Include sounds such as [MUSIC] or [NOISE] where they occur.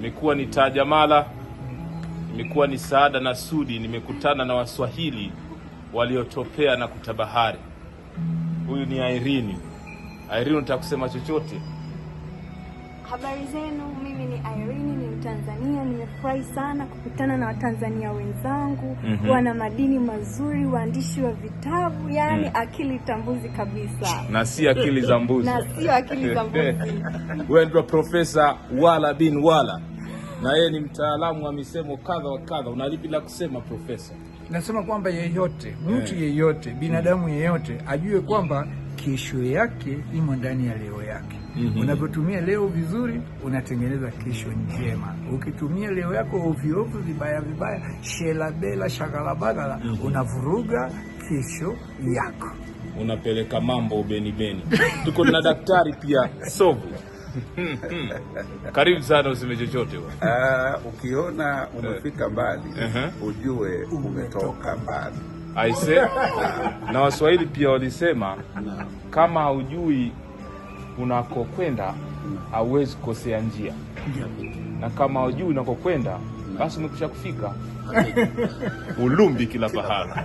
Imekuwa ni taajamala, imekuwa ni saada na sudi. Nimekutana na Waswahili waliotopea na kutabahari. Huyu ni airini airini unataka chochote? Habari zenu, mimi ni Tanzania. Nimefurahi sana kukutana na Watanzania wenzangu mm -hmm. Wana madini mazuri, waandishi wa vitabu, yani mm. akili tambuzi kabisa, na si akili za mbuzi na si akili za mbuzi [LAUGHS] wewe ndio Profesa Wala bin Wala, na yeye ni mtaalamu wa misemo kadha wa kadha. lipi la kusema Profesa? Nasema kwamba yeyote eh. mtu yeah. yeyote binadamu yeyote ajue mm. kwamba kesho yake imo ndani ya leo yake. mm -hmm. Unavyotumia leo vizuri, unatengeneza kesho njema. Ukitumia leo yako ovyoovyo, vibaya vibaya, shelabela shagalabagala, mm -hmm. unavuruga kesho yako, unapeleka mambo beni. Tuko na daktari pia Sovu. Hmm, hmm. Karibu sana, useme chochote. Uh, ukiona umefika mbali uh -huh. ujue umetoka mbali aise. Na Waswahili pia walisema kama haujui unakokwenda hauwezi kukosea njia, na kama haujui unakokwenda basi umekwisha kufika. [LAUGHS] Ulumbi kila pahala.